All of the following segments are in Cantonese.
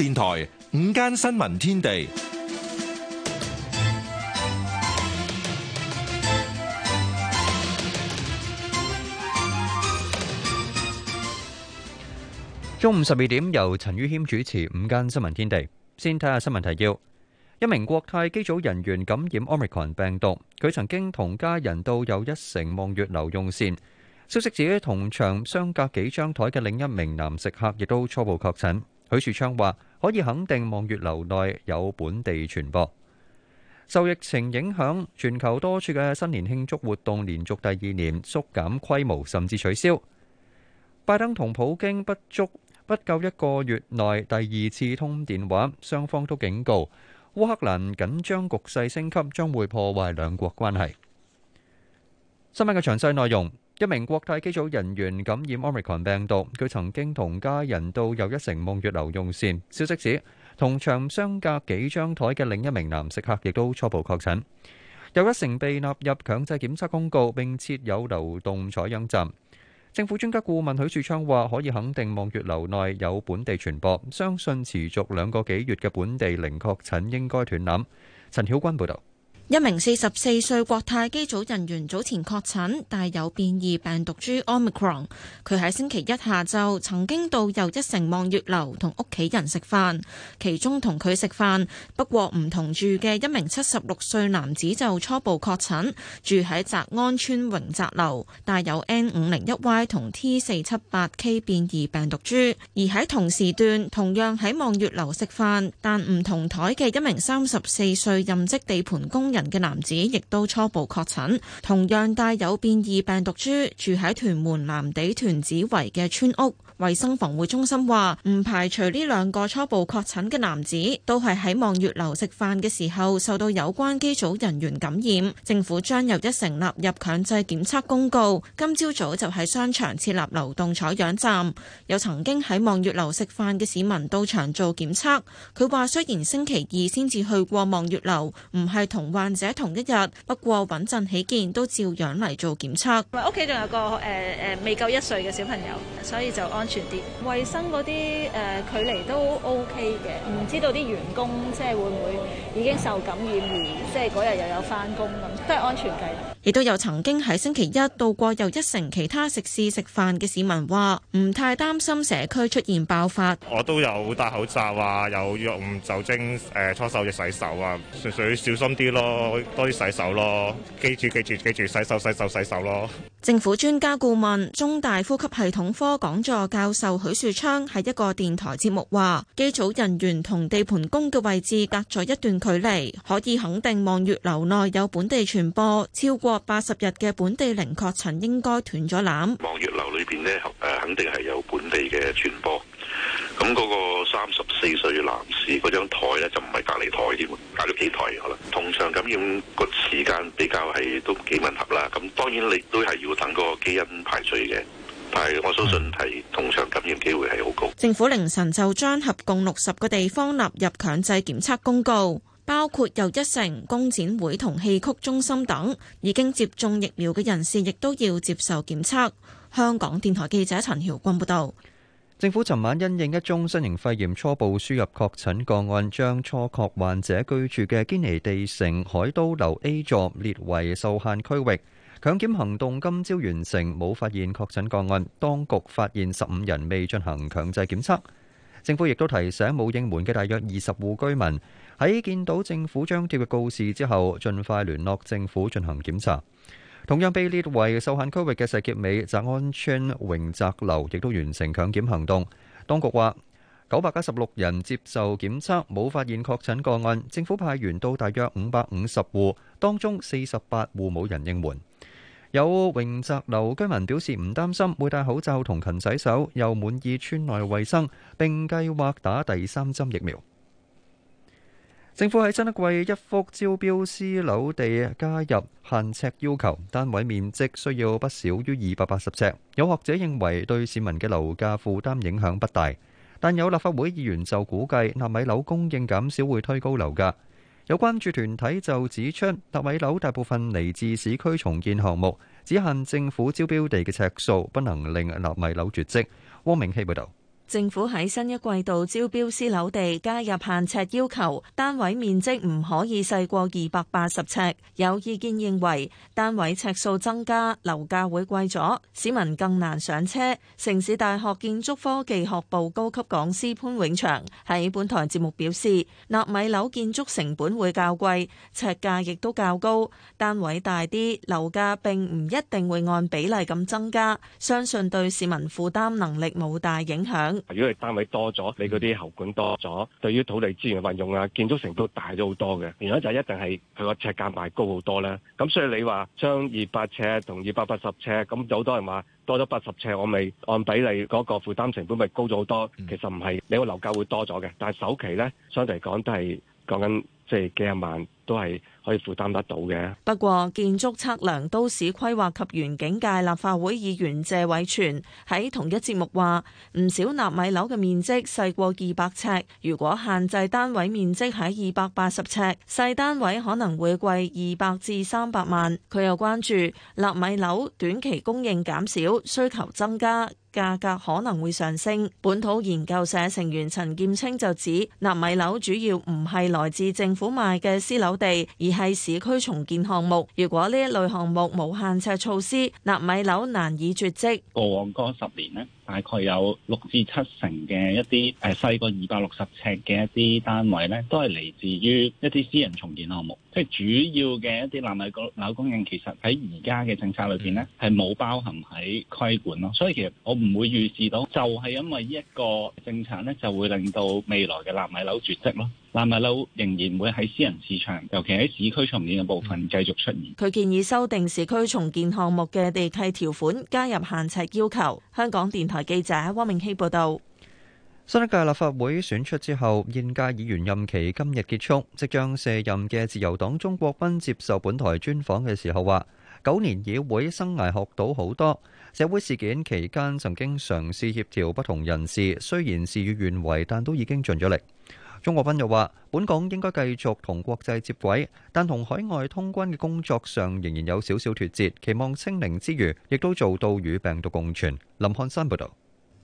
電台午間新聞天地，中午十二點由陳宇謙主持《午間新聞天地》。先睇下新聞提要：一名國泰機組人員感染 omicron 病毒，佢曾經同家人到又一城望月樓用膳。消息指同場，相隔幾張台嘅另一名男食客亦都初步確診。許樹昌話：可以肯定望月樓內有本地傳播。受疫情影響，全球多處嘅新年慶祝活動連續第二年縮減規模，甚至取消。拜登同普京不足不夠一個月內第二次通電話，雙方都警告烏克蘭緊張局勢升級將會破壞兩國關係。新聞嘅詳細內容。一名國泰機組人員感染 Omicron 病毒，佢曾經同家人到又一城望月樓用膳。消息指，同場相隔幾張台嘅另一名男食客亦都初步確診。又一城被納入強制檢測公告，並設有流動採樣站。政府專家顧問許樹昌話：可以肯定望月樓內有本地傳播，相信持續兩個幾月嘅本地零確診應該斷纜。陳曉君報導。一名四十四歲國泰機組人員早前確診，帶有變異病毒株 Omicron。佢喺星期一下晝曾經到又一城望月樓同屋企人食飯，其中同佢食飯不過唔同住嘅一名七十六歲男子就初步確診，住喺澤安村榮澤樓，帶有 N 五零一 Y 同 T 四七八 K 變異病毒株。而喺同時段同樣喺望月樓食飯但唔同台嘅一名三十四歲任職地盤工人。嘅男子亦都初步確診，同樣帶有變異病毒株，住喺屯門藍地屯子圍嘅村屋。衛生防護中心話唔排除呢兩個初步確診嘅男子都係喺望月樓食飯嘅時候受到有關機組人員感染。政府將有一成納入強制檢測公告。今朝早就喺商場設立流動採樣站，有曾經喺望月樓食飯嘅市民到場做檢測。佢話雖然星期二先至去過望月樓，唔係同患者同一日，不過穩陣起見都照樣嚟做檢測。屋企仲有個誒誒、呃、未夠一歲嘅小朋友，所以就安全。衛生嗰啲誒距離都 O K 嘅，唔知道啲員工即係會唔會已經受感染完，即係嗰日又有翻工咁，都係安全計啦。亦都有曾經喺星期一到過又一城其他食肆食飯嘅市民話：唔太擔心社區出現爆發。我都有戴口罩啊，有用酒精誒搓手液洗手啊，純粹小心啲咯，多啲洗手咯，記住記住記住洗手洗手洗手咯。政府專家顧問、中大呼吸系統科講座教教授許樹昌喺一個電台節目話：機組人員同地盤工嘅位置隔咗一段距離，可以肯定望月樓內有本地傳播。超過八十日嘅本地零確診應該斷咗纜。望月樓裏邊呢，誒，肯定係有本地嘅傳播。咁、那、嗰個三十四歲男士嗰張台呢，就唔係隔離台添，隔咗幾台可能。同場感染個時間比較係都幾吻合啦。咁當然你都係要等嗰個基因排序嘅。係，我相信係通常感染機會係好高。政府凌晨就將合共六十個地方納入強制檢測公告，包括又一城、工展會同戲曲中心等。已經接種疫苗嘅人士亦都要接受檢測。香港電台記者陳曉君報導。政府尋晚因應一宗新型肺炎初步輸入確診個案，將初確患者居住嘅堅尼地城海都樓 A 座列為受限區域。強檢行動今朝完成，冇發現確診個案。當局發現十五人未進行強制檢測，政府亦都提醒冇應門嘅大約二十戶居民喺見到政府張貼嘅告示之後，盡快聯絡政府進行檢查。同樣被列為受限區域嘅石硤尾澤安村榮澤樓亦都完成強檢行動。當局話九百一十六人接受檢測，冇發現確診個案。政府派員到大約五百五十戶，當中四十八戶冇人應門。有榮澤樓居民表示唔擔心，會戴口罩同勤洗手，又滿意村內衞生，並計劃打第三針疫苗。政府喺新一季一幅招標私樓地加入限尺要求，單位面積需要不少於二百八十呎。有學者認為對市民嘅樓價負擔影響不大，但有立法會議員就估計納米樓供應減少會推高樓價。有關注團體就指出，納米樓大部分嚟自市區重建項目，只限政府招標地嘅尺數，不能令納米樓絕跡。汪明希報導。政府喺新一季度招標私樓地加入限尺要求，單位面積唔可以細過二百八十尺。有意見認為，單位尺數增加，樓價會貴咗，市民更難上車。城市大學建築科技學部高級講師潘永祥喺本台節目表示：納米樓建築成本會較貴，尺價亦都較高，單位大啲，樓價並唔一定會按比例咁增加，相信對市民負擔能力冇大影響。如果你單位多咗，你嗰啲喉管多咗，對於土地資源運用啊，建築成本大咗好多嘅。原因就係一定係佢個尺價賣高好多啦。咁所以你話將二百尺同二百八十尺，咁有好多人話多咗八十尺，我咪按比例嗰個負擔成本咪高咗好多。其實唔係，你個樓價會多咗嘅，但係首期呢相對嚟講都係講緊即係幾廿萬都係，可以負擔得到嘅。不過，建築測量、都市規劃及園境界立法會議員謝偉全喺同一節目話：唔少納米樓嘅面積細過二百尺，如果限制單位面積喺二百八十尺，細單位可能會貴二百至三百萬。佢又關注納米樓短期供應減少，需求增加。價格可能會上升。本土研究社成員陳劍青就指，納米樓主要唔係來自政府賣嘅私樓地，而係市區重建項目。如果呢一類項目無限制措施，納米樓難以絕跡。過往十年呢？大概有六至七成嘅一啲，誒細過二百六十尺嘅一啲單位咧，都係嚟自於一啲私人重建項目，即係主要嘅一啲納米個樓供應，其實喺而家嘅政策裏邊咧，係冇包含喺規管咯，所以其實我唔會預示到，就係因為呢一個政策咧，就會令到未來嘅納米樓絕跡咯。爛尾樓仍然會喺私人市場，尤其喺市區重建嘅部分繼續出現。佢建議修訂市區重建項目嘅地契條款，加入限制要求。香港電台記者汪明熙報道，新一屆立法會選出之後，現屆議員任期今日結束，即將卸任嘅自由黨鐘國斌接受本台專訪嘅時候話：九年議會生涯學到好多社會事件期間，曾經嘗試協調不同人士，雖然事與願違，但都已經盡咗力。鐘國斌又話：本港應該繼續同國際接軌，但同海外通關嘅工作上仍然有少少脱節。期望清零之餘，亦都做到與病毒共存。林漢山報導。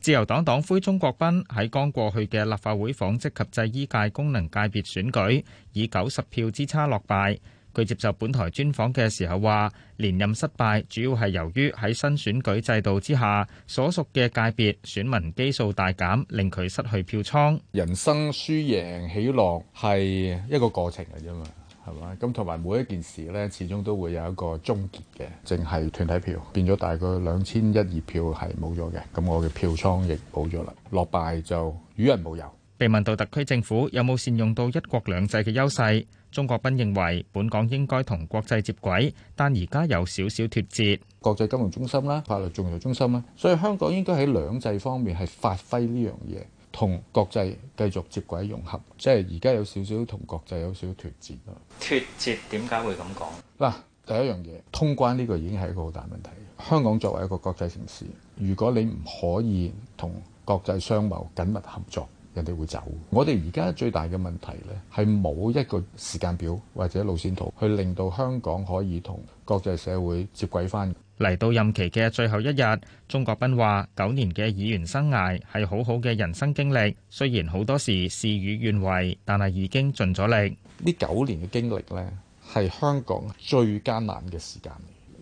自由黨黨魁鍾國斌喺剛過去嘅立法會紡織及製衣界功能界別選舉，以九十票之差落敗。佢接受本台專訪嘅時候話，連任失敗主要係由於喺新選舉制度之下，所屬嘅界別選民基數大減，令佢失去票倉。人生輸贏起落係一個過程嚟啫嘛，係嘛？咁同埋每一件事咧，始終都會有一個終結嘅。淨係團體票變咗大概兩千一二票係冇咗嘅，咁我嘅票倉亦冇咗啦。落敗就與人無尤。被問到特區政府有冇善用到一國兩制嘅優勢？鍾國斌認為，本港應該同國際接軌，但而家有少少脫節。國際金融中心啦，法律仲裁中心啦，所以香港應該喺兩制方面係發揮呢樣嘢，同國際繼續接軌融合。即係而家有少少同國際有少少脫節啦。脫節點解會咁講？嗱，第一樣嘢，通關呢個已經係一個好大問題。香港作為一個國際城市，如果你唔可以同國際商貿緊密合作。人哋會走，我哋而家最大嘅問題呢，係冇一個時間表或者路線圖，去令到香港可以同國際社會接軌返。嚟到任期嘅最後一日，鍾國斌話：九年嘅議員生涯係好好嘅人生經歷，雖然好多時事與願違，但係已經盡咗力。呢九年嘅經歷呢，係香港最艱難嘅時間，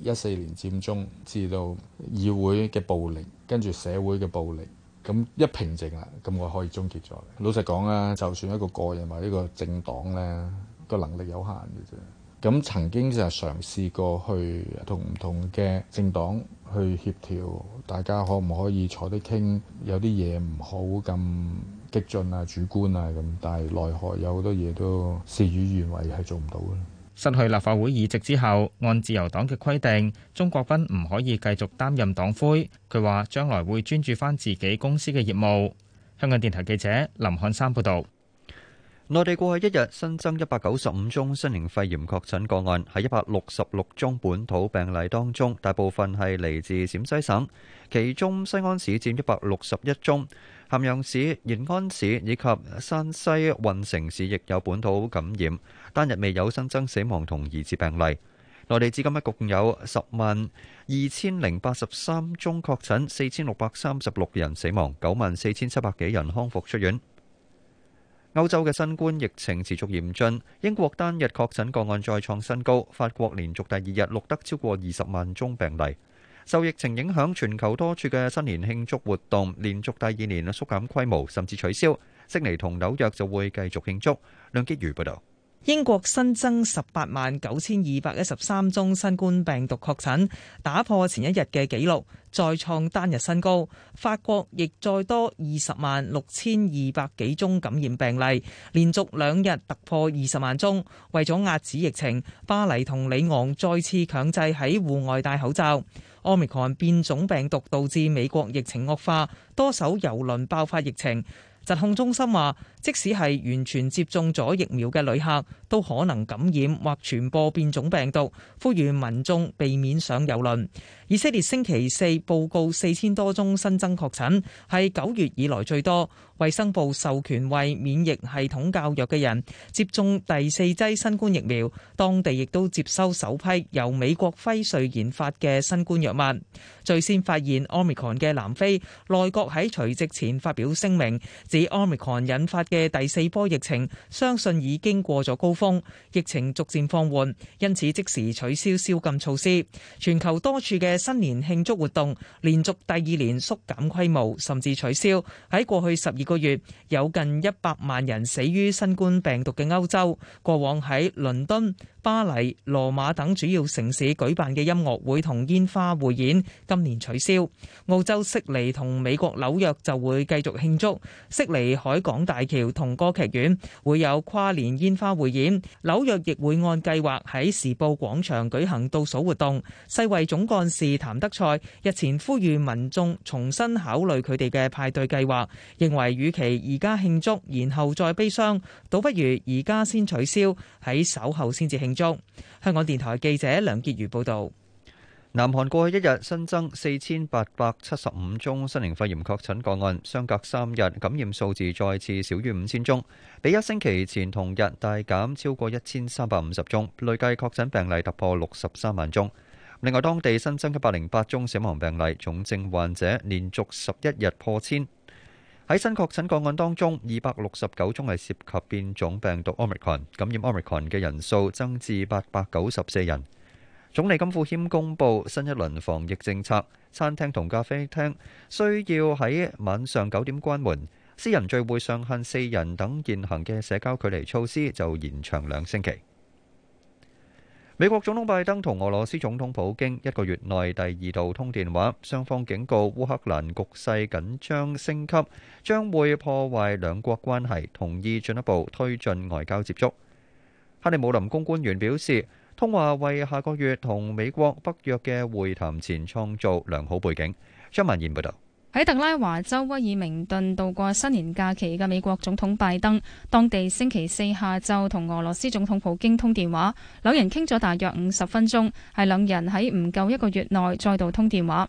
一四年佔中至到議會嘅暴力，跟住社會嘅暴力。咁一平靜啦，咁我可以終結咗。老實講啊，就算一個個人或者一個政黨呢個能力有限嘅啫。咁曾經就係嘗試過去同唔同嘅政黨去協調，大家可唔可以坐低傾？有啲嘢唔好咁激進啊、主觀啊咁。但係奈何有好多嘢都事與願違，係做唔到嘅。失去立法會議席之後，按自由黨嘅規定，鍾國斌唔可以繼續擔任黨魁。佢話將來會專注翻自己公司嘅業務。香港電台記者林漢山報導。內地過去一日新增一百九十五宗新型肺炎確診個案，喺一百六十六宗本土病例當中，大部分係嚟自陝西省，其中西安市佔一百六十一宗，咸陽市、延安市以及山西運城市亦有本土感染。單日未有新增死亡同疑似病例。內地至今一共有十萬二千零八十三宗確診，四千六百三十六人死亡，九萬四千七百幾人康復出院。歐洲嘅新冠疫情持續嚴峻，英國單日確診個案再創新高，法國連續第二日錄得超過二十萬宗病例。受疫情影響，全球多處嘅新年慶祝活動連續第二年縮減規模，甚至取消。悉尼同紐約就會繼續慶祝。梁傑如報導。英國新增十八萬九千二百一十三宗新冠病毒確診，打破前一日嘅紀錄，再創單日新高。法國亦再多二十萬六千二百幾宗感染病例，連續兩日突破二十萬宗。為咗壓止疫情，巴黎同里昂再次強制喺戶外戴口罩。奧密 o n 變種病毒導致美國疫情惡化，多艘遊輪爆發疫情。疾控中心話，即使係完全接種咗疫苗嘅旅客，都可能感染或傳播變種病毒，呼籲民眾避免上郵輪。以色列星期四報告四千多宗新增確診，係九月以來最多。衛生部授權為免疫系統較弱嘅人接種第四劑新冠疫苗。當地亦都接收首批由美國輝瑞研發嘅新冠藥物。最先發現 Omicron 嘅南非內閣喺除夕前發表聲明，指 Omicron 引發嘅第四波疫情相信已經過咗高峰，疫情逐漸放緩，因此即時取消宵禁措施。全球多處嘅新年慶祝活動連續第二年縮減規模，甚至取消。喺過去十二個月有近一百萬人死於新冠病毒嘅歐洲，過往喺倫敦、巴黎、羅馬等主要城市舉辦嘅音樂會同煙花匯演今年取消。澳洲悉尼同美國紐約就會繼續慶祝。悉尼海港大橋同歌劇院會有跨年煙花匯演。紐約亦會按計劃喺時報廣場舉行倒數活動。世衛總幹事譚德塞日前呼籲民眾重新考慮佢哋嘅派對計劃，認為與其而家慶祝，然後再悲傷，倒不如而家先取消，喺稍後先至慶。中香港電台記者梁潔如報道。南韓過去一日新增四千八百七十五宗新型肺炎確診個案，相隔三日感染數字再次少於五千宗，比一星期前同日大減超過一千三百五十宗，累計確診病例突破六十三萬宗。另外，當地新增一百零八宗死亡病例，重症患者連續十一日破千。喺新確診個案當中，二百六十九宗係涉及變種病毒 Omicron，感染 Omicron 嘅人數增至八百九十四人。總理金富謙公布新一輪防疫政策，餐廳同咖啡廳需要喺晚上九點關門，私人聚會上限四人等現行嘅社交距離措施就延長兩星期。美國總統拜登同俄羅斯總統普京一個月內第二度通電話，雙方警告烏克蘭局勢緊張升級，將會破壞兩國關係，同意進一步推進外交接觸。克里姆林宮官員表示，通話為下個月同美國北約嘅會談前創造良好背景。張文賢報道。喺特拉華州威爾明頓度過新年假期嘅美國總統拜登，當地星期四下晝同俄羅斯總統普京通電話，兩人傾咗大約五十分鐘，係兩人喺唔夠一個月內再度通電話。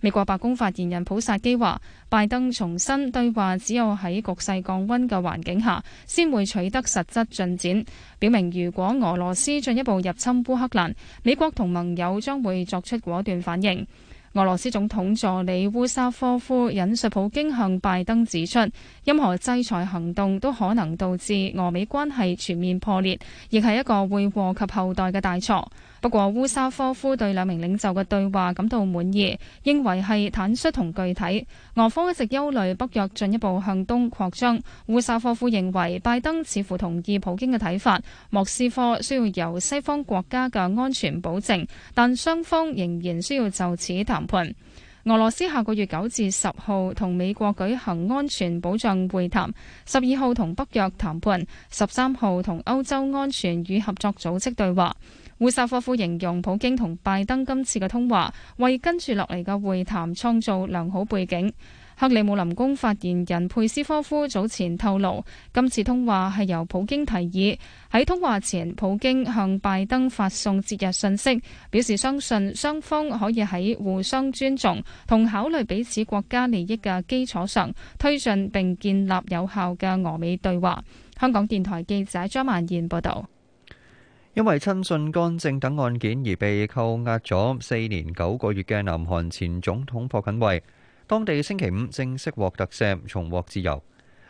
美國白宮發言人普薩基話，拜登重申，對話只有喺局勢降溫嘅環境下，先會取得實質進展，表明如果俄羅斯進一步入侵烏克蘭，美國同盟友將會作出果斷反應。俄羅斯總統助理烏沙科夫引述普京向拜登指出，任何制裁行動都可能導致俄美關係全面破裂，亦係一個會禍及後代嘅大錯。不過，烏沙科夫對兩名領袖嘅對話感到滿意，認為係坦率同具體。俄方一直憂慮北約進一步向東擴張，烏沙科夫認為拜登似乎同意普京嘅睇法，莫斯科需要由西方國家嘅安全保證，但雙方仍然需要就此談談判。俄羅斯下個月九至十號同美國舉行安全保障會談，十二號同北約談判，十三號同歐洲安全與合作組織對話。烏薩科夫形容普京同拜登今次嘅通話，為跟住落嚟嘅會談創造良好背景。克里姆林宮發言人佩斯科夫早前透露，今次通話係由普京提議。喺通話前，普京向拜登發送節日信息，表示相信雙方可以喺互相尊重同考慮彼此國家利益嘅基礎上，推進並建立有效嘅俄美對話。香港電台記者張曼燕報道。因為親信幹政等案件而被扣押咗四年九個月嘅南韓前總統朴槿惠，當地星期五正式獲特赦，重獲自由。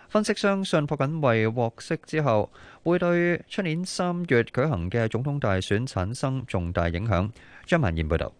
分析相信朴槿惠獲釋之後，會對出年三月舉行嘅總統大選產生重大影響。張曼燕報導。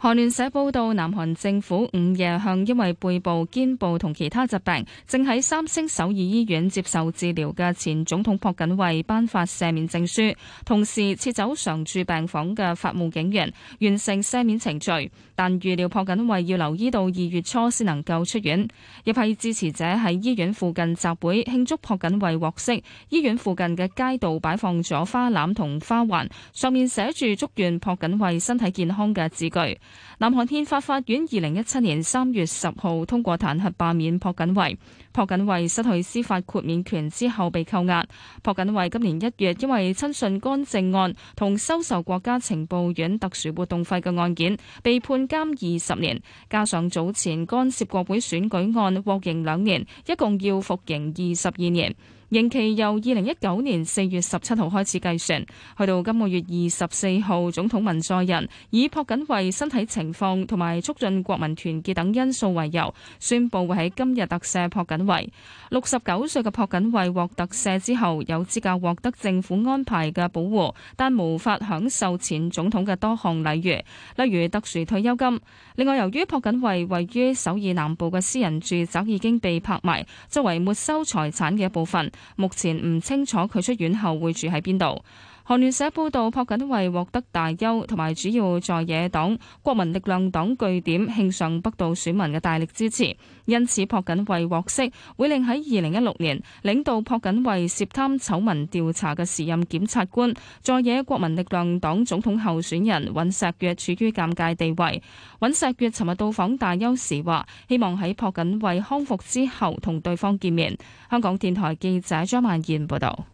韓聯社報道，南韓政府午夜向因為背部、肩部同其他疾病，正喺三星首爾醫院接受治療嘅前總統朴槿惠頒發赦免證書，同時撤走常駐病房嘅法務警員，完成赦免程序。但預料朴槿惠要留醫到二月初先能夠出院。一批支持者喺醫院附近集會慶祝朴槿惠獲釋，醫院附近嘅街道擺放咗花籃同花環，上面寫住祝願朴槿惠身體健康嘅字句。南韓憲法法院二零一七年三月十號通過彈劾罷免朴槿惠。朴槿惠失去司法豁免權之後被扣押。朴槿惠今年一月因為親信干政案同收受國家情報院特殊活動費嘅案件被判監二十年，加上早前干涉國會選舉案獲刑兩年，一共要服刑二十二年。刑期由二零一九年四月十七號開始計算，去到今個月二十四號。總統文在寅以朴槿惠身體情況同埋促進國民團結等因素為由，宣布會喺今日特赦朴槿惠。六十九歲嘅朴槿惠獲得特赦之後，有資格獲得政府安排嘅保護，但無法享受前總統嘅多項禮遇，例如特殊退休金。另外，由於朴槿惠位於首爾南部嘅私人住宅已經被拍賣，作為沒收財產嘅一部分。目前唔清楚佢出院後會住喺邊度。韓聯社報導，朴槿惠獲得大邱同埋主要在野黨國民力量黨據點慶尚北道選民嘅大力支持，因此朴槿惠獲釋會令喺二零一六年領導朴槿惠涉貪醜聞調查嘅時任檢察官在野國民力量黨總統候選人尹錫悅處於尷尬地位。尹錫悅尋日到訪大邱時話：希望喺朴槿惠康復之後同對方見面。香港電台記者張曼燕報導。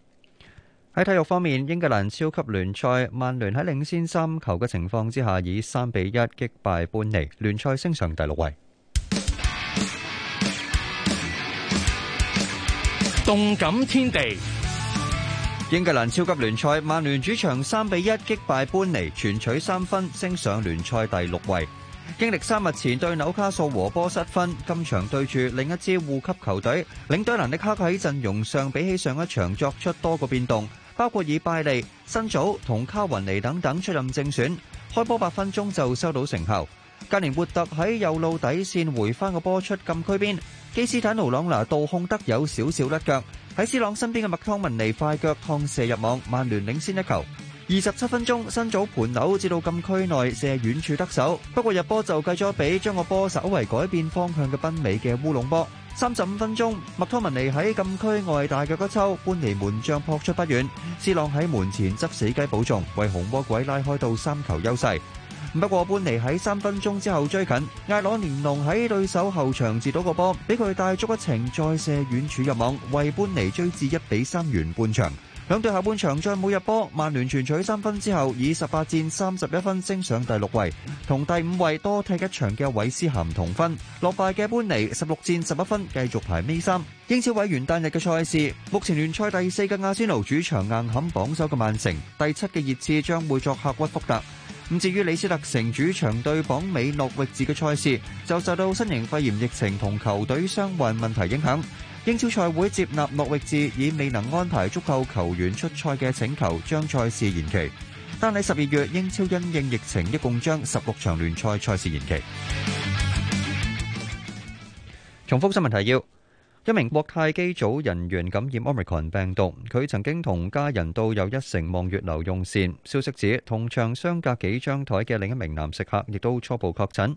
喺體育方面，英格蘭超級聯賽，曼聯喺領先三球嘅情況之下，以三比一擊敗般尼，聯賽升上第六位。動感天地，英格蘭超級聯賽，曼聯主場三比一擊敗般尼，全取三分，升上聯賽第六位。經歷三日前對紐卡素和波失分，今場對住另一支護級球隊，領隊朗力克喺陣容上比起上一場作出多個變動，包括以拜利、新祖同卡雲尼等等出任正選。開波八分鐘就收到成效，格連活特喺右路底線回翻個波出禁區邊，基斯坦奴朗拿度控得有少少甩腳，喺斯朗身邊嘅麥湯文尼快腳趟射入網，曼聯領先一球。二十七分鐘，新組盤扭至到禁區內射遠處得手，不過入波就計咗俾將個波稍為改變方向嘅賓美嘅烏龍波。三十五分鐘，麥托文尼喺禁區外大腳一抽，搬尼門將撲出不遠，斯浪喺門前執死雞保重，為紅魔鬼拉開到三球優勢。不過搬尼喺三分鐘之後追近，艾朗連龍喺對手後場截到個波，俾佢帶足一程再射遠處入網，為搬尼追至一比三完半場。兩隊後半場再冇入波，曼聯全取三分之後，以十八戰三十一分升上第六位，同第五位多踢一場嘅韋斯咸同分。落敗嘅班尼十六戰十一分，繼續排尾三。英超為元旦日嘅賽事，目前聯賽第四嘅阿仙奴主場硬撼榜首嘅曼城，第七嘅熱刺將會作客屈福特。咁至於李斯特城主場對榜尾諾域治嘅賽事，就受到新型肺炎疫情同球隊傷患問題影響。英超賽會接納諾域治已未能安排足夠球員出賽嘅請求，將賽事延期。但喺十二月，英超因應疫情，一共將十六場聯賽賽事延期。重複新聞提要：一名國泰機組人員感染 Omicron 病毒，佢曾經同家人到又一城望月樓用膳。消息指，同場相隔幾張台嘅另一名男食客亦都初步確診。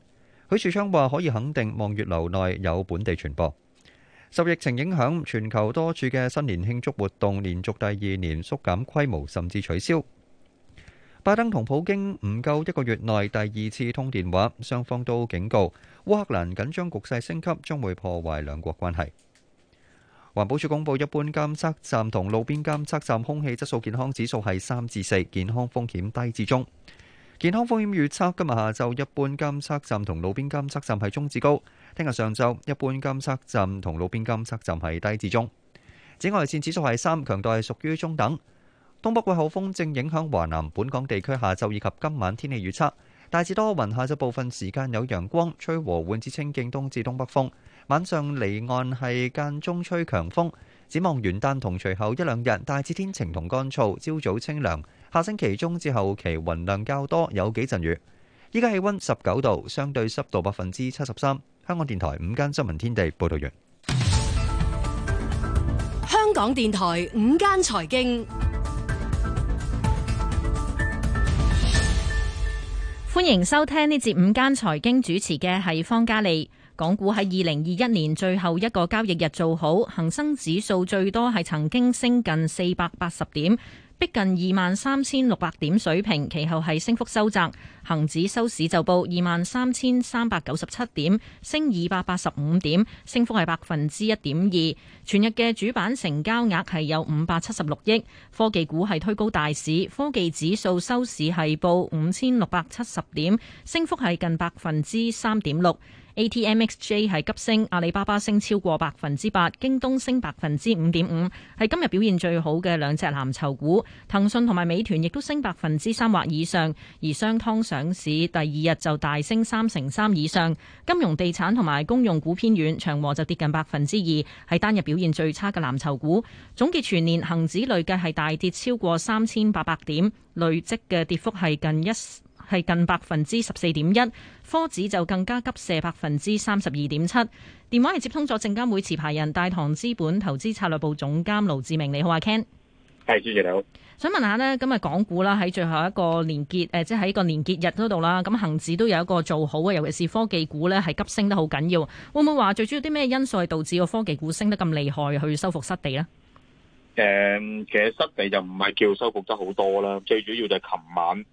許樹昌話可以肯定望月樓內有本地傳播。受疫情影響，全球多處嘅新年慶祝活動連續第二年縮減規模，甚至取消。拜登同普京唔夠一個月內第二次通電話，雙方都警告烏克蘭緊張局勢升級將會破壞兩國關係。環保署公佈，一般監測站同路邊監測站空氣質素健康指數係三至四，健康風險低至中。健康風險預測：今日下晝一般監測站同路邊監測站係中至高。聽日上晝一般監測站同路邊監測站係低至中。紫外線指數係三，強度係屬於中等。東北季候風正影響華南本港地區，下晝以及今晚天氣預測：大致多雲，下晝部分時間有陽光，吹和緩至清勁東至東北風。晚上離岸係間中吹強風。展望元旦同隨後一兩日，大致天晴同乾燥，朝早清涼。下星期中至後期雲量較多，有幾陣雨。依家氣溫十九度，相對濕度百分之七十三。香港電台午間新聞天地報道完。香港電台午間財經，歡迎收聽呢節午間財經主持嘅係方嘉利。港股喺二零二一年最後一個交易日做好，恒生指數最多係曾經升近四百八十點。逼近二萬三千六百點水平，其後係升幅收窄，恒指收市就報二萬三千三百九十七點，升二百八十五點，升幅係百分之一點二。全日嘅主板成交額係有五百七十六億，科技股係推高大市，科技指數收市係報五千六百七十點，升幅係近百分之三點六。ATMXJ 係急升，阿里巴巴升超過百分之八，京東升百分之五點五，係今日表現最好嘅兩隻藍籌股。騰訊同埋美團亦都升百分之三或以上，而商湯上市第二日就大升三成三以上。金融地產同埋公用股偏軟，長和就跌近百分之二，係單日表現最差嘅藍籌股。總結全年恒指累計係大跌超過三千八百點，累積嘅跌幅係近一。係近百分之十四點一，科指就更加急瀉百分之三十二點七。電話係接通咗證監會持牌人大唐資本投資策略部總監盧志明。你好阿 Ken 係主席。你好。Hey, thank 想問下呢？今日港股啦，喺最後一個年結誒，即係喺個年結日嗰度啦，咁恒指都有一個做好啊，尤其是科技股呢，係急升得好緊要。會唔會話最主要啲咩因素係導致個科技股升得咁厲害，去收復失地呢？誒，其實失地就唔係叫收復得好多啦，最主要就係琴晚。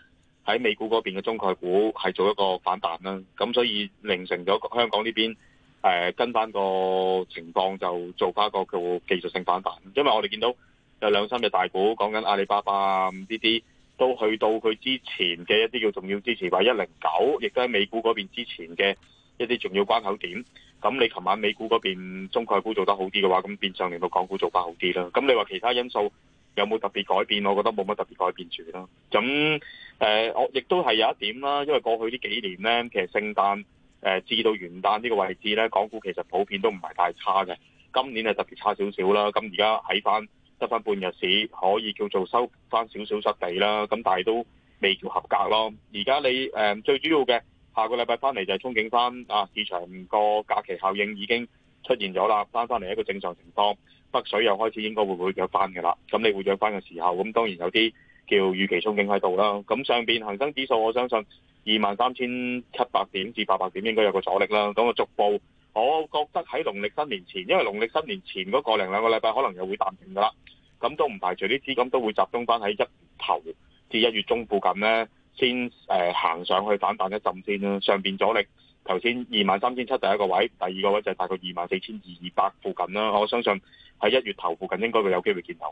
喺美股嗰邊嘅中概股係做一個反彈啦，咁所以形成咗香港呢邊誒跟翻個情況就做翻個叫技術性反彈，因為我哋見到有兩三隻大股講緊阿里巴巴呢啲都去到佢之前嘅一啲叫重要支持位一零九，亦都喺美股嗰邊之前嘅一啲重要關口點。咁你琴晚美股嗰邊中概股做得好啲嘅話，咁變相令到港股做翻好啲啦。咁你話其他因素有冇特別改變？我覺得冇乜特別改變住啦。咁誒，我亦、呃、都係有一點啦，因為過去呢幾年呢，其實聖誕誒至到元旦呢個位置呢，港股其實普遍都唔係太差嘅。今年係特別差少少啦，咁而家喺翻得翻半日市，可以叫做收翻少少失地啦。咁但係都未叫合格咯。而家你誒、呃、最主要嘅下個禮拜翻嚟就係憧憬翻啊市場個假期效應已經出現咗啦，翻翻嚟一個正常情況，北水又開始應該會會躍翻嘅啦。咁你會躍翻嘅時候，咁當然有啲。叫預期憧憬喺度啦，咁上邊恒生指數我相信二萬三千七百點至八百點應該有個阻力啦，咁我逐步，我覺得喺農曆新年前，因為農曆新年前嗰個零兩個禮拜可能又會淡靜噶啦，咁都唔排除啲資金都會集中翻喺一月頭至一月中附近呢，先誒、呃、行上去反彈一陣先啦，上邊阻力頭先二萬三千七第一個位，第二個位就大概二萬四千二百附近啦，我相信。喺一月頭附近應該會有機會見頭。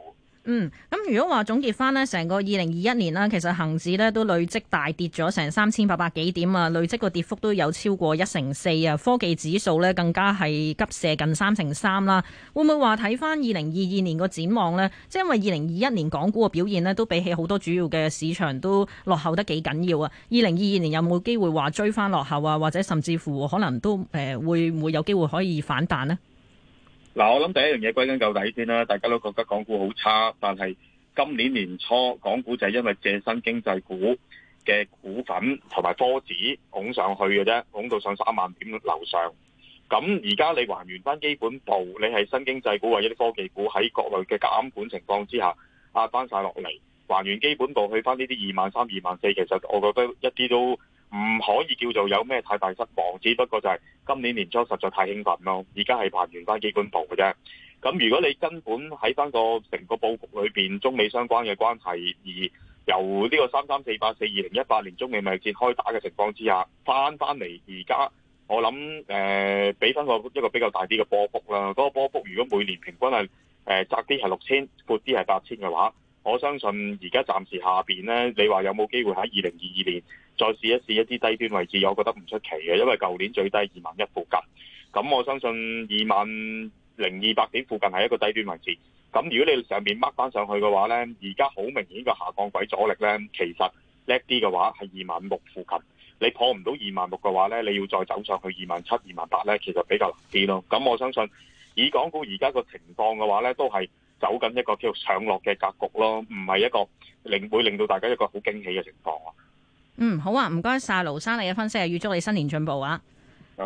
嗯，咁如果話總結翻呢，成個二零二一年啦，其實恒指呢都累積大跌咗成三千八百幾點啊，累積個跌幅都有超過一成四啊。科技指數呢更加係急射近三成三啦。會唔會話睇翻二零二二年個展望呢？即係因為二零二一年港股嘅表現呢都比起好多主要嘅市場都落後得幾緊要啊。二零二二年有冇機會話追翻落後啊？或者甚至乎可能都誒會唔會有機會可以反彈呢？嗱，我諗第一樣嘢歸根究底先啦，大家都覺得港股好差，但係今年年初港股就係因為借新經濟股嘅股份同埋科指拱上去嘅啫，拱到上三萬點樓上。咁而家你還原翻基本步，你係新經濟股或者啲科技股喺國內嘅監管情況之下壓翻晒落嚟，還原基本步去翻呢啲二萬三、二萬四，其實我覺得一啲都～唔可以叫做有咩太大失望，只不過就係今年年初實在太興奮咯。而家係爬完翻基本步嘅啫。咁如果你根本喺翻個成個佈局裏面中美相關嘅關係，而由呢個三三四八四二零一八年中美貿易戰開打嘅情況之下，翻翻嚟而家，我諗誒俾翻個一個比較大啲嘅波幅啦。嗰、那個波幅如果每年平均係誒、呃、窄啲係六千，闊啲係八千嘅話，我相信而家暫時下面呢，你話有冇機會喺二零二二年？再試一試一啲低端位置，我覺得唔出奇嘅，因為舊年最低二萬一附近，咁我相信二萬零二百點附近係一個低端位置。咁如果你上面掹翻上去嘅話呢，而家好明顯個下降軌阻力呢，其實叻啲嘅話係二萬六附近，你破唔到二萬六嘅話呢，你要再走上去二萬七、二萬八呢，其實比較難啲咯。咁我相信以港股而家個情況嘅話呢，都係走緊一個叫做上落嘅格局咯，唔係一個令會令到大家一個好驚喜嘅情況啊。嗯，好啊，唔該晒盧生你嘅分析，預祝你新年進步啊！好，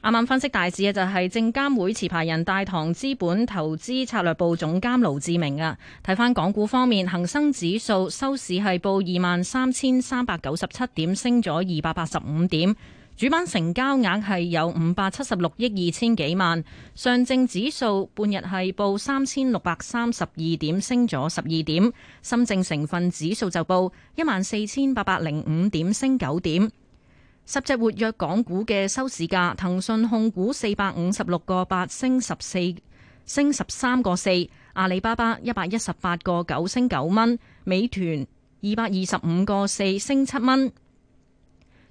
啱啱分析大市嘅就係證監會持牌人大唐資本投資策略部總監盧志明啊，睇返港股方面，恒生指數收市係報二萬三千三百九十七點，升咗二百八十五點。主板成交額係有五百七十六億二千幾萬，上證指數半日係報三千六百三十二點，升咗十二點。深證成分指數就報一萬四千八百零五點，升九點。十隻活躍港股嘅收市價，騰訊控股四百五十六個八，升十四升十三個四；阿里巴巴一百一十八個九，升九蚊；美團二百二十五個四，升七蚊。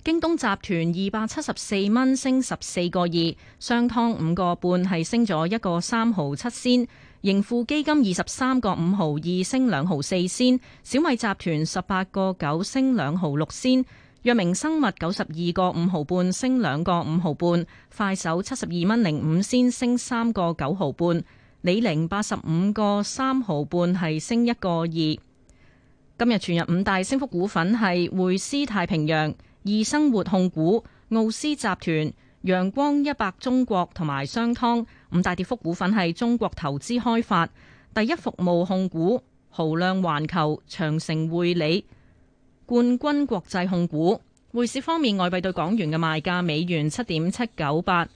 京東集團二百七十四蚊升十四個二，商湯五個半係升咗一個三毫七仙，盈富基金二十三個五毫二升兩毫四仙，小米集團十八個九升兩毫六仙，藥明生物九十二個五毫半升兩個五毫半，快手七十二蚊零五仙升三個九毫半，李寧八十五個三毫半係升一個二。今日全日五大升幅股份係匯斯太平洋。二、生活控股、奧斯集團、陽光一百中國同埋商湯。五大跌幅股份係中國投資開發、第一服務控股、豪亮環球、長城匯理、冠軍國際控股。匯市方面，外幣對港元嘅賣價：美元七點七九八，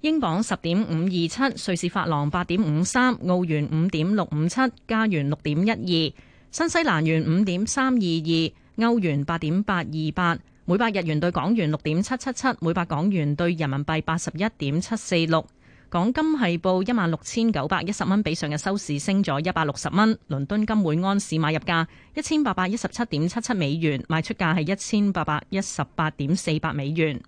英鎊十點五二七，瑞士法郎八點五三，澳元五點六五七，加元六點一二，新西蘭元五點三二二，歐元八點八二八。每百日元兌港元六點七七七，每百港元兌人民幣八十一點七四六。港金係報一萬六千九百一十蚊，比上日收市升咗一百六十蚊。倫敦金每安士買入價一千八百一十七點七七美元，賣出價係一千八百一十八點四八美元。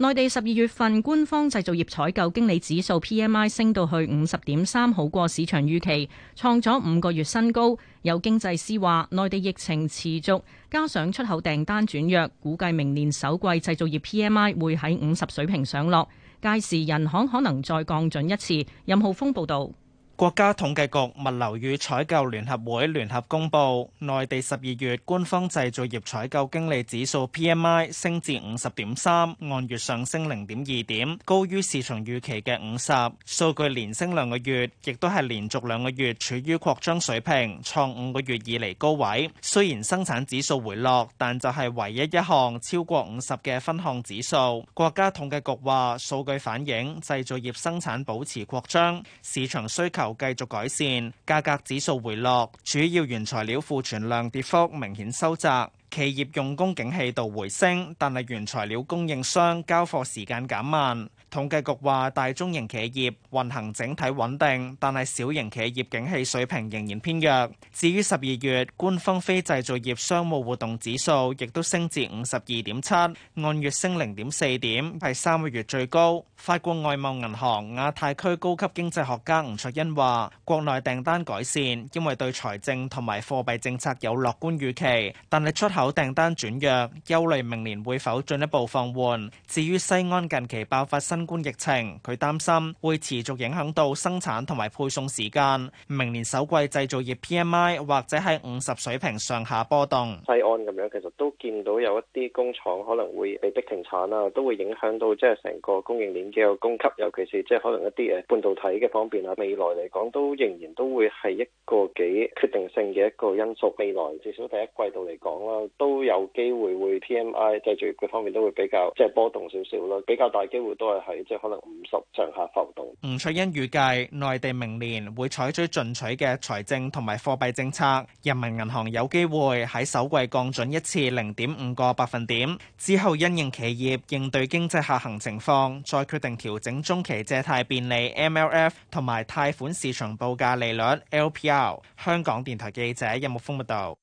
內地十二月份官方製造業採購經理指數 PMI 升到去五十點三，好過市場預期，創咗五個月新高。有經濟師話，內地疫情持續，加上出口訂單轉弱，估計明年首季製造業 PMI 會喺五十水平上落。屆時人行可能再降準一次。任浩峰報導。國家統計局、物流與採購聯合會聯合公布，內地十二月官方製造業採購經理指數 PMI 升至五十點三，按月上升零點二點，高於市場預期嘅五十。數據連升兩個月，亦都係連續兩個月處於擴張水平，創五個月以嚟高位。雖然生產指數回落，但就係唯一一項超過五十嘅分項指數。國家統計局話，數據反映製造業生產保持擴張，市場需求繼續改善，價格指數回落，主要原材料庫存量跌幅明顯收窄，企業用工景氣度回升，但係原材料供應商交貨時間減慢。統計局話，大中型企業運行整體穩定，但係小型企業景氣水平仍然偏弱。至於十二月官方非製造業商務活動指數亦都升至五十二點七，按月升零點四點，係三個月最高。法國外貿銀行亞太區高級經濟學家吳卓恩話：國內訂單改善，因為對財政同埋貨幣政策有樂觀預期，但係出口訂單轉弱，憂慮明年會否進一步放緩。至於西安近期爆發新新冠，冠疫情，佢擔心會持續影響到生產同埋配送時間。明年首季製造業 PMI 或者喺五十水平上下波動。西安咁樣，其實都見到有一啲工廠可能會被逼停產啦，都會影響到即係成個供應鏈嘅供給，尤其是即係可能一啲誒半導體嘅方面啊。未來嚟講，都仍然都會係一個幾決定性嘅一個因素。未來至少第一季度嚟講啦，都有機會會 PMI 製造業嘅方面都會比較即係、就是、波動少少啦，比較大機會都係。係即係可能五十上下浮動。吳翠欣預計內地明年會採取進取嘅財政同埋貨幣政策，人民銀行有機會喺首季降準一次零點五個百分點之後，因應企業應對經濟下行情況再決定調整中期借貸便利 MLF 同埋貸款市場報價利率 LPR。香港電台記者任木豐報道。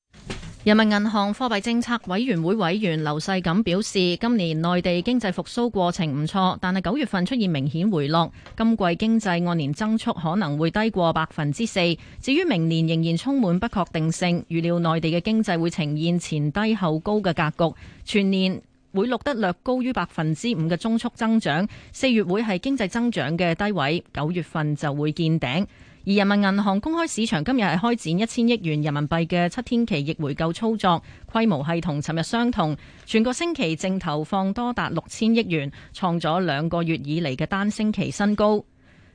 人民銀行貨幣政策委員會委員劉世錦表示，今年內地經濟復甦過程唔錯，但係九月份出現明顯回落。今季經濟按年增速可能會低過百分之四。至於明年仍然充滿不確定性，預料內地嘅經濟會呈現前低後高嘅格局，全年會錄得略高於百分之五嘅中速增長。四月會係經濟增長嘅低位，九月份就會見頂。而人民銀行公開市場今日係開展一千億元人民幣嘅七天期逆回購操作，規模係同尋日相同，全個星期淨投放多達六千億元，創咗兩個月以嚟嘅單星期新高。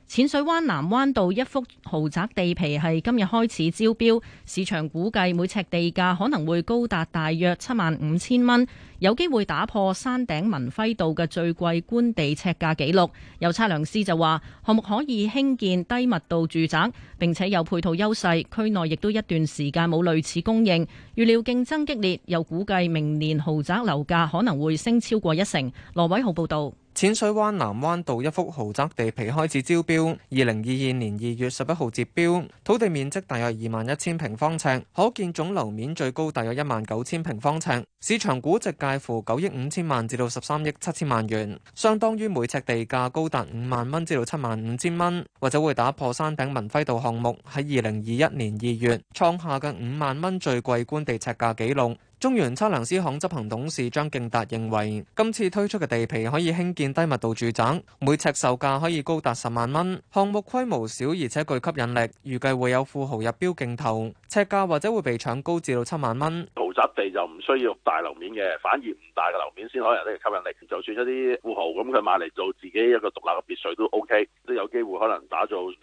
淺水灣南灣道一幅豪宅地皮係今日開始招標，市場估計每尺地價可能會高達大約七萬五千蚊，有機會打破山頂文輝道嘅最貴官地尺價紀錄。有測量師就話，項目可以興建低密度住宅，並且有配套優勢，區內亦都一段時間冇類似供應，預料競爭激烈，又估計明年豪宅樓價可能會升超過一成。羅偉豪報道。淺水灣南灣道一幅豪宅地皮開始招標，二零二二年二月十一號截標，土地面積大約二萬一千平方尺，可建總樓面最高大約一萬九千平方尺，市場估值介乎九億五千萬至到十三億七千萬元，相當於每尺地價高達五萬蚊至到七萬五千蚊，或者會打破山頂文輝道項目喺二零二一年二月創下嘅五萬蚊最貴官地尺價紀錄。中原測量師行執行董事張敬達認為，今次推出嘅地皮可以興建低密度住宅，每尺售價可以高達十萬蚊。項目規模小而且具吸引力，預計會有富豪入標競投，尺價或者會被搶高至到七萬蚊。豪宅地就唔需要大樓面嘅，反而唔大嘅樓面先可能有啲吸引力。就算一啲富豪咁，佢買嚟做自己一個獨立嘅別墅都 OK，都有機會可能打造兩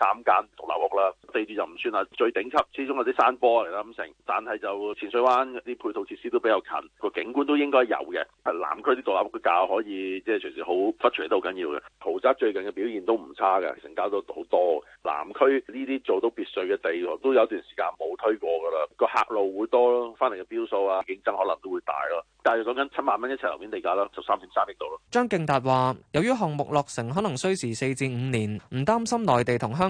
三間獨立屋啦，地段就唔算啦，最頂級始終有啲山坡嚟啦咁成，但係就淺水灣啲配套設施都比較近，個景觀都應該有嘅。係南區啲獨立屋嘅價可以即係隨時好忽出嚟都好緊要嘅。豪宅最近嘅表現都唔差嘅，成交都好多。南區呢啲做到別墅嘅地，都有段時間冇推過噶啦，個客路會多咯，翻嚟嘅標數啊，競爭可能都會大咯。但係講緊七萬蚊一層樓面地價啦，就三點三億度咯。張敬達話：由於項目落成可能需時四至五年，唔擔心內地同香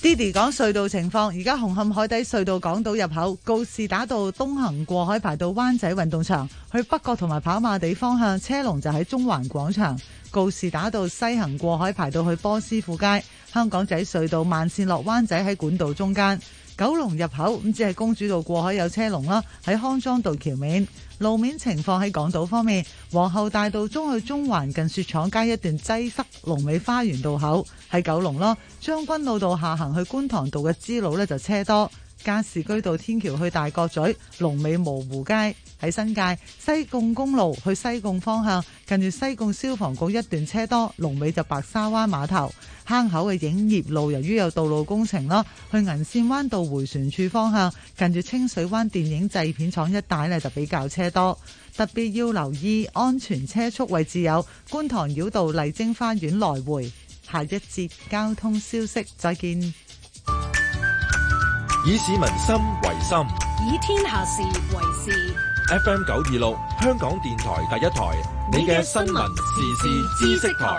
Diddy 講隧道情況，而家紅磡海底隧道港島入口告士打道東行過海排到灣仔運動場，去北角同埋跑馬地方向車龍就喺中環廣場告士打道西行過海排到去波斯富街，香港仔隧道慢線落灣仔喺管道中間。九龍入口，咁只係公主道過海有車龍啦，喺康莊道橋面，路面情況。喺港島方面，皇后大道中去中環近雪廠街一段擠塞，龍尾花園道口喺九龍咯。將軍澳道下行去觀塘道嘅支路呢就車多，加士居道天橋去大角咀龍尾蕪湖街。喺新界西貢公路去西貢方向，近住西貢消防局一段車多，龍尾就白沙灣碼頭。坑口嘅影業路，由於有道路工程啦，去銀線灣道回旋處方向，近住清水灣電影製片廠一帶呢，就比較車多，特別要留意安全車速位置，有觀塘繞道麗晶花園來回。下一節交通消息，再見。以市民心為心，以天下事為事。FM 九二六，香港電台第一台，你嘅新聞時事知識台。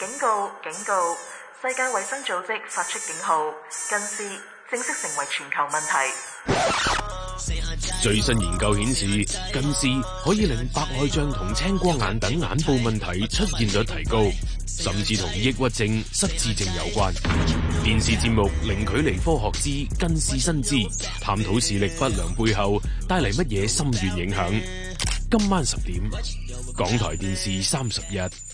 警告，警告！世界衛生組織發出警號，近視正式成為全球問題。最新研究顯示，近視可以令白內障同青光眼等眼部問題出現率提高，甚至同抑鬱症、失智症有關。電視節目《零距離科學之近視新知》，探討視力不良背後帶嚟乜嘢深遠影響。今晚十點，港台電視三十一。